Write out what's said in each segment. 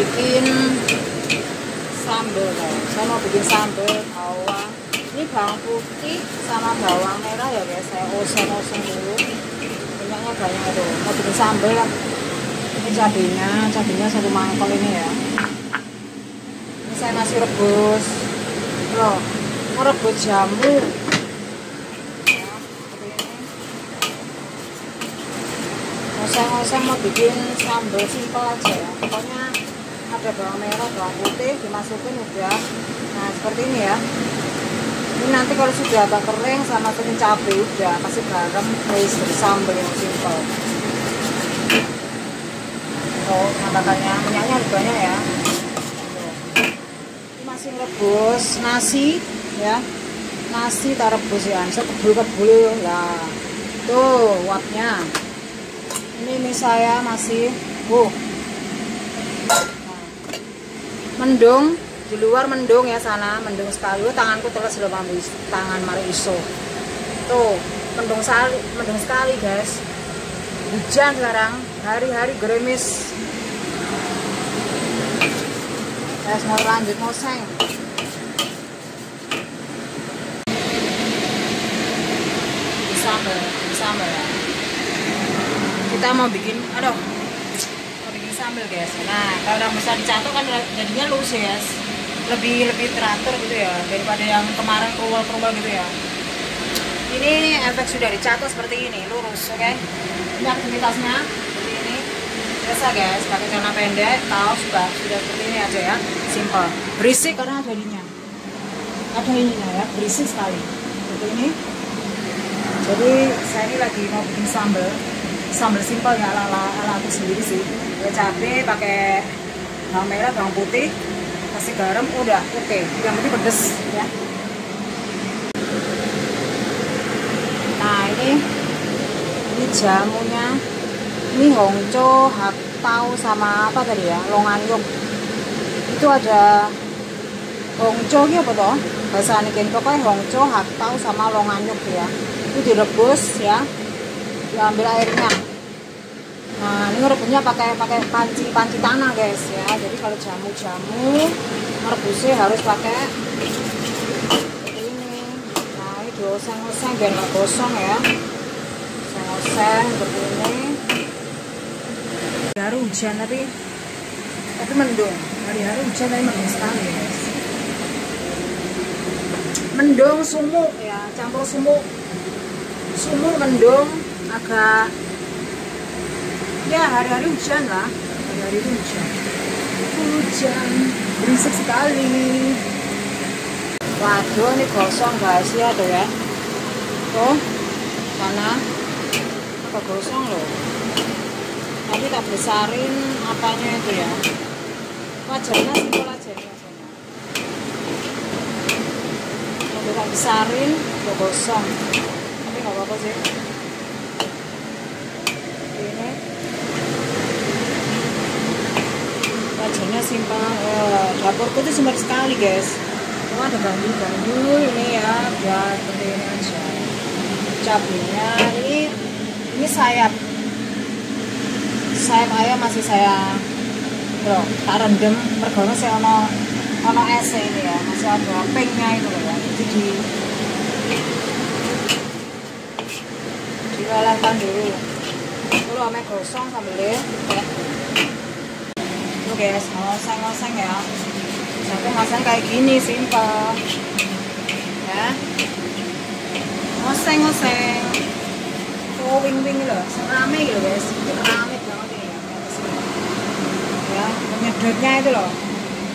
bikin sambal guys saya mau bikin sambal bawang ini bawang putih sama bawang merah ya guys saya oseng-oseng dulu banyaknya banyak tuh mau bikin sambal ini cabenya cabenya satu mangkok ini ya ini saya masih rebus bro mau rebus jamu saya mau bikin sambal simpel aja ya pokoknya ada bawang merah bawang putih dimasukin udah nah seperti ini ya ini nanti kalau sudah agak kering sama masukin cabai udah kasih garam terus sambal yang simple. oh katakannya minyaknya ada banyak ya ini masih rebus nasi ya nasi tak rebus ya saya kebul-kebul ya. lah tuh uapnya ini mie saya masih uh mendung di luar mendung ya sana mendung sekali oh, tanganku terus sudah loh tangan mari iso tuh mendung sekali mendung sekali guys hujan sekarang hari-hari gerimis guys mau lanjut mau seng sama ya kita mau bikin aduh ambil guys nah kalau yang besar dicatok kan jadinya lurus guys lebih lebih teratur gitu ya daripada yang kemarin kerubal kerubal gitu ya ini efek sudah dicatok seperti ini lurus oke okay? ini aktivitasnya seperti ini biasa guys pakai celana pendek tahu sudah sudah seperti ini aja ya simple berisik karena ada ininya ada ininya ya berisik sekali seperti ini jadi saya ini lagi mau bikin sambal sambal simpel ya ala ala, ala aku sendiri sih ya cabai pakai bawang merah bawang putih kasih garam udah oke okay. yang penting pedes ya nah ini ini jamunya ini hongco hatau sama apa tadi ya yuk itu ada hongco ini apa toh bahasa anikin pokoknya hongco tau sama longanyuk ya itu direbus ya diambil airnya nah ini merebusnya pakai pakai panci panci tanah guys ya jadi kalau jamu jamu merebusnya harus pakai ini nah ini dioseng-oseng biar nggak gosong ya oseng-oseng seperti ini baru hujan tapi tapi mendung hari-hari hujan tapi mendung sekali guys mendung sumuk ya campur sumuk sumur mendung agak ya hari-hari hujan lah hari-hari hujan hujan berisik sekali waduh ini gosong guys ya tuh ya tuh sana agak gosong loh tapi tak besarin apanya itu ya wajarnya simpel aja ini wajarnya tapi tak besarin udah gosong tapi nggak apa-apa sih biasanya simpang eh, dapurku itu sempit sekali guys cuma oh, ada gandul-gandul ini ya buat pentingin aja cabenya ini ini sayap sayap ayam masih saya bro tak rendem pergono saya ono ono es ini ya masih ada pinknya itu loh ya itu di dulu dulu ame gosong sambil ya dulu guys ngoseng-ngoseng ya sampai ngoseng kayak gini simple ya ngoseng-ngoseng tuh wing-wing gitu loh serame gitu guys serame banget ini ya ya penyedotnya itu loh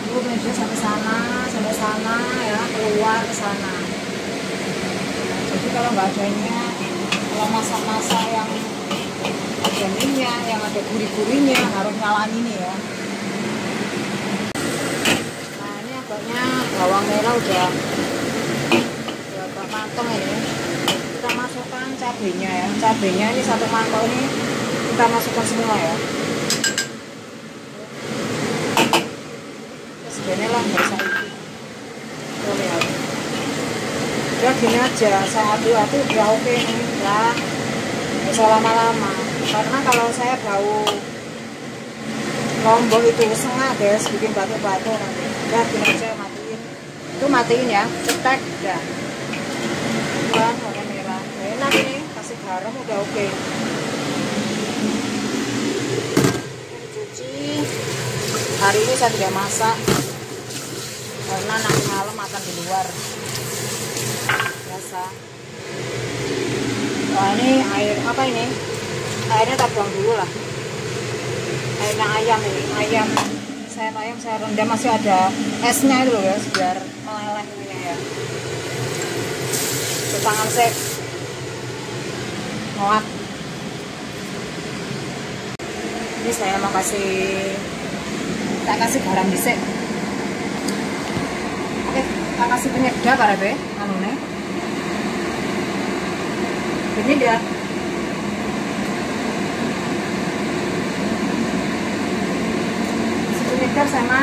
dulu penyedot sampai sana sampai sana ya keluar ke sana jadi kalau nggak ada ini ya, kalau masak-masak yang ada minyak yang ada gurih-gurihnya harus nyalain ini ya bawang merah udah berapa matang ini kita masukkan cabenya ya cabenya ini satu mangkok ini kita masukkan semua ya Sebenarnya lah nggak usah itu. ya udah gini aja saya adu-adu udah oke ini ya, nggak usah lama-lama karena kalau saya bau lombok itu sengah guys bikin batu-batu nanti udah gini aja mati itu matiin ya cetek ya merah warna merah enak nih kasih garam udah oke okay. cuci hari ini saya tidak masak karena nanti malam akan di luar biasa nah, ini air apa ini airnya tak buang dulu lah airnya ayam ini ayam saya ayam saya rendam masih ada esnya itu loh guys biar meleleh ini ya Tangan amsek ngoat ini saya mau kasih tak kasih garam dhisik oke tak kasih penyedap be? anune ini dia si penyedap sama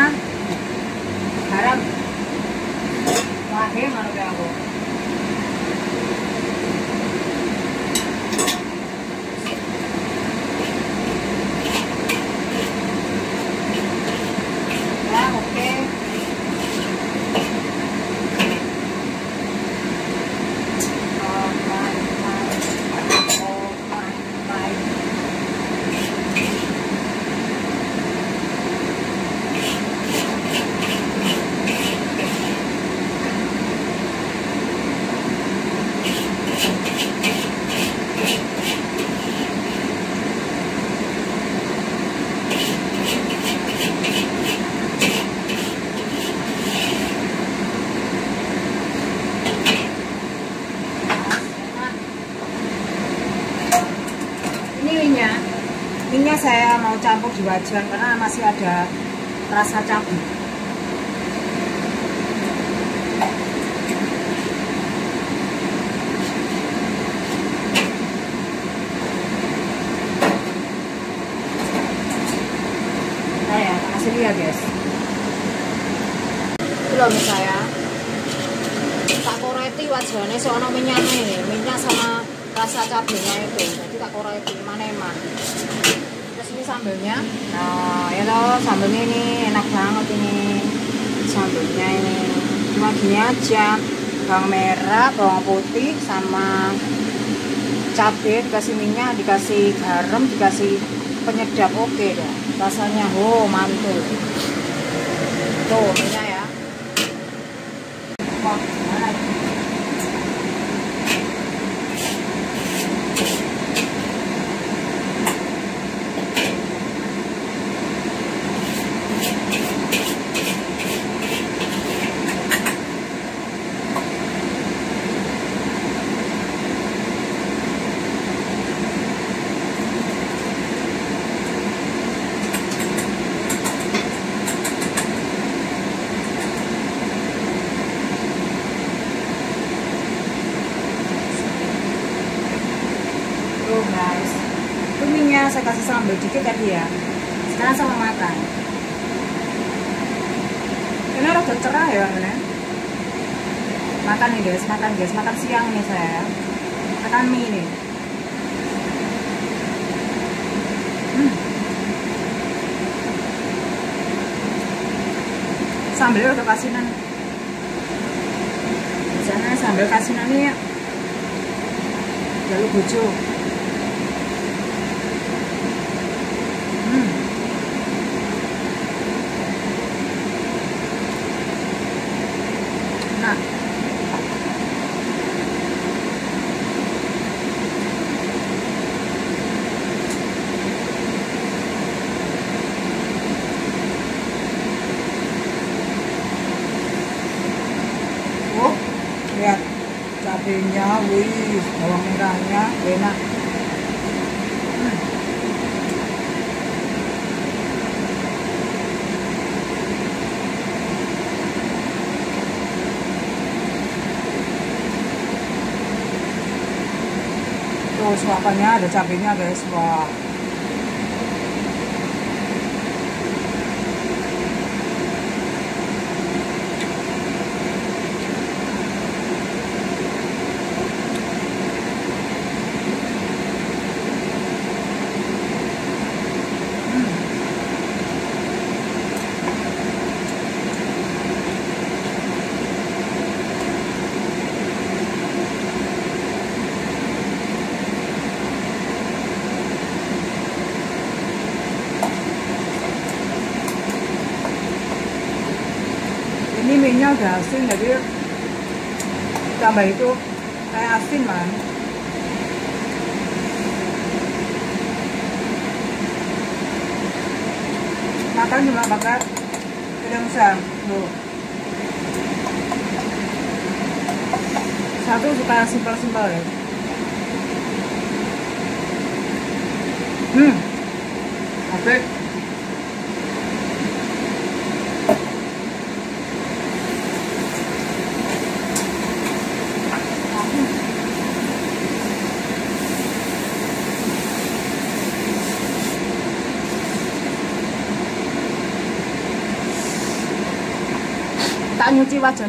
mau campur di wajan karena masih ada rasa cabai nah ya kasih lihat guys Belum saya tak koreti wajannya soalnya minyaknya ini minyak sama rasa cabenya itu jadi tak koreti mana emang terus ini sambelnya nah ya lo sambelnya ini enak banget ini sambelnya ini cuma gini aja bawang merah bawang putih sama cabai dikasih minyak dikasih garam dikasih penyedap oke okay deh rasanya oh mantul tuh minyak ya guys makan guys makan siang nih saya makan mie nih hmm. sambil udah kasinan biasanya sambil kasinan nih jalur bojo hmm. Nah. suapannya ada cabenya guys wah asin jadi tambah itu kayak asin man makan cuma bakar sedang sam tuh satu suka simpel-simpel ya hmm oke okay. 牛津大学。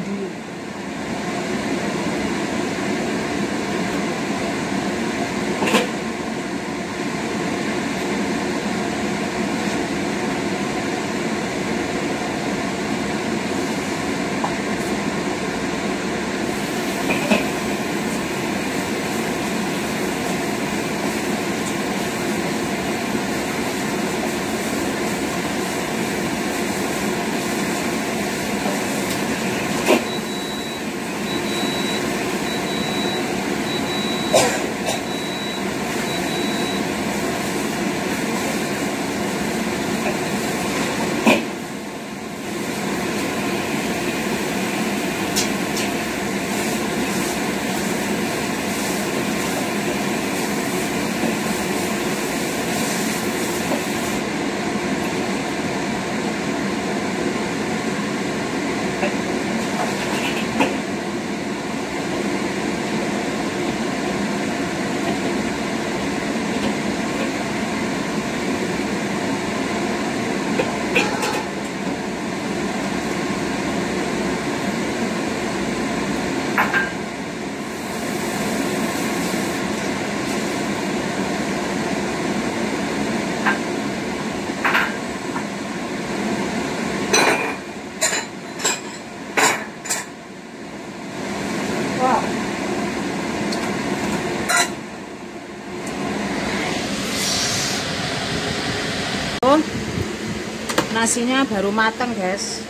nasinya baru mateng guys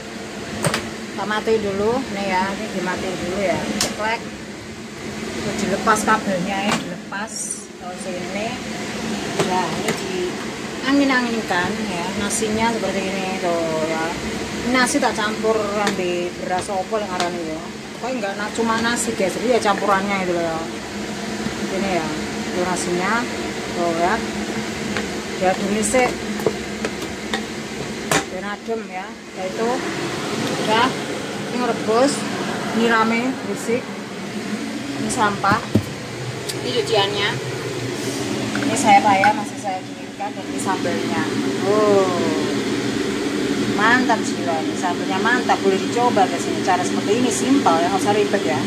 kita matiin dulu nih ya ini dimatiin dulu ya ceklek itu dilepas kabelnya ya dilepas kalau sini, nah ini di angin-anginkan ya nasinya seperti ini tuh ya nasi tak campur di beras opol yang arah ya kok enggak nah, cuma nasi guys jadi ya campurannya itu ya ini ya itu nasinya tuh ya ya dulu sih dan adem ya yaitu udah ini merebus, ini rame berisik ini sampah ini cuciannya ini saya raya masih saya dinginkan dan ini sambelnya oh mantap jiwa ini sambelnya mantap boleh dicoba guys ini cara seperti ini simpel ya nggak usah ribet ya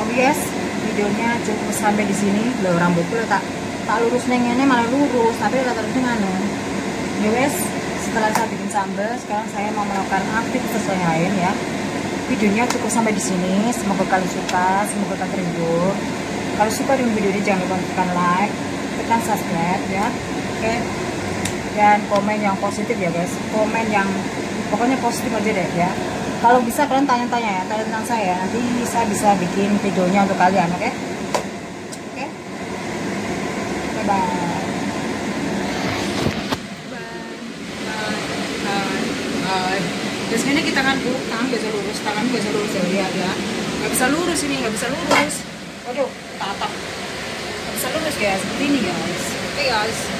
oh yes videonya cukup sampai di sini loh rambutku ya, tak tak lurus nengnya malah lurus tapi rata-rata nganu ya anyways setelah saya bikin sambal sekarang saya mau melakukan aktivitas lain ya videonya cukup sampai di sini semoga kalian suka semoga kalian terhibur kalau suka dengan video ini jangan lupa tekan like tekan subscribe ya oke dan komen yang positif ya guys komen yang pokoknya positif aja deh ya kalau bisa kalian tanya-tanya ya tanya tentang saya nanti saya bisa bikin videonya untuk kalian oke oke bye bye uh, biasanya ini kita kan buruk tangan biasa lurus tangan bisa lurus ya lihat ya, ya nggak bisa lurus ini nggak bisa lurus waduh tatap nggak bisa lurus guys seperti ini guys oke okay, guys